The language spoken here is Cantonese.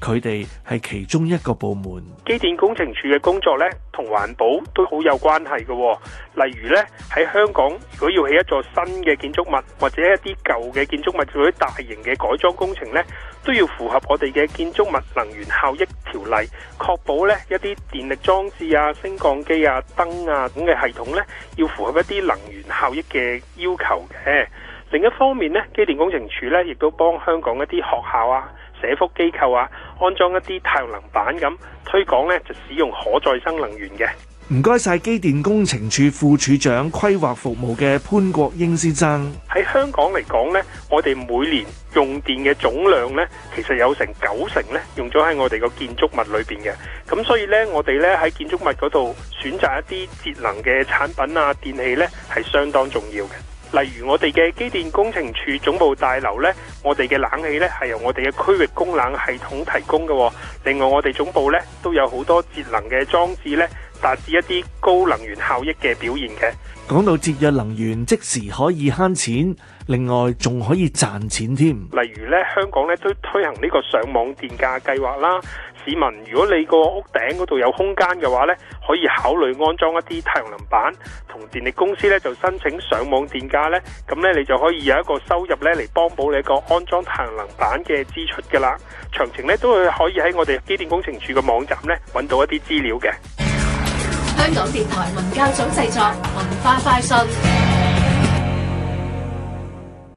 佢哋係其中一個部門，機電工程署嘅工作呢，同環保都好有關係嘅哦。例如呢，喺香港，如果要起一座新嘅建築物，或者一啲舊嘅建築物做啲大型嘅改裝工程呢，都要符合我哋嘅建築物能源效益條例，確保呢一啲電力裝置啊、升降機啊、燈啊咁嘅系統呢，要符合一啲能源效益嘅要求嘅。另一方面呢機電工程處呢亦都幫香港一啲學校啊、社福機構啊安裝一啲太陽能板，咁推廣呢就使用可再生能源嘅。唔該晒，機電工程處副處長、規劃服務嘅潘國英先生。喺香港嚟講呢，我哋每年用電嘅總量呢，其實有成九成呢用咗喺我哋個建築物裏邊嘅。咁所以呢，我哋呢喺建築物嗰度選擇一啲節能嘅產品啊、電器呢，係相當重要嘅。例如我哋嘅機電工程處總部大樓呢，我哋嘅冷氣呢係由我哋嘅區域供冷系統提供嘅。另外，我哋總部呢都有好多節能嘅裝置呢。達至一啲高能源效益嘅表現嘅。講到節約能源，即時可以慳錢，另外仲可以賺錢添。例如咧，香港咧都推行呢個上網電價計劃啦。市民如果你個屋頂嗰度有空間嘅話咧，可以考慮安裝一啲太陽能板，同電力公司咧就申請上網電價咧。咁咧你就可以有一個收入咧嚟幫補你一個安裝太陽能板嘅支出噶啦。詳情咧都會可以喺我哋機電工程署嘅網站咧搵到一啲資料嘅。香港電台文教組製作文化快訊》。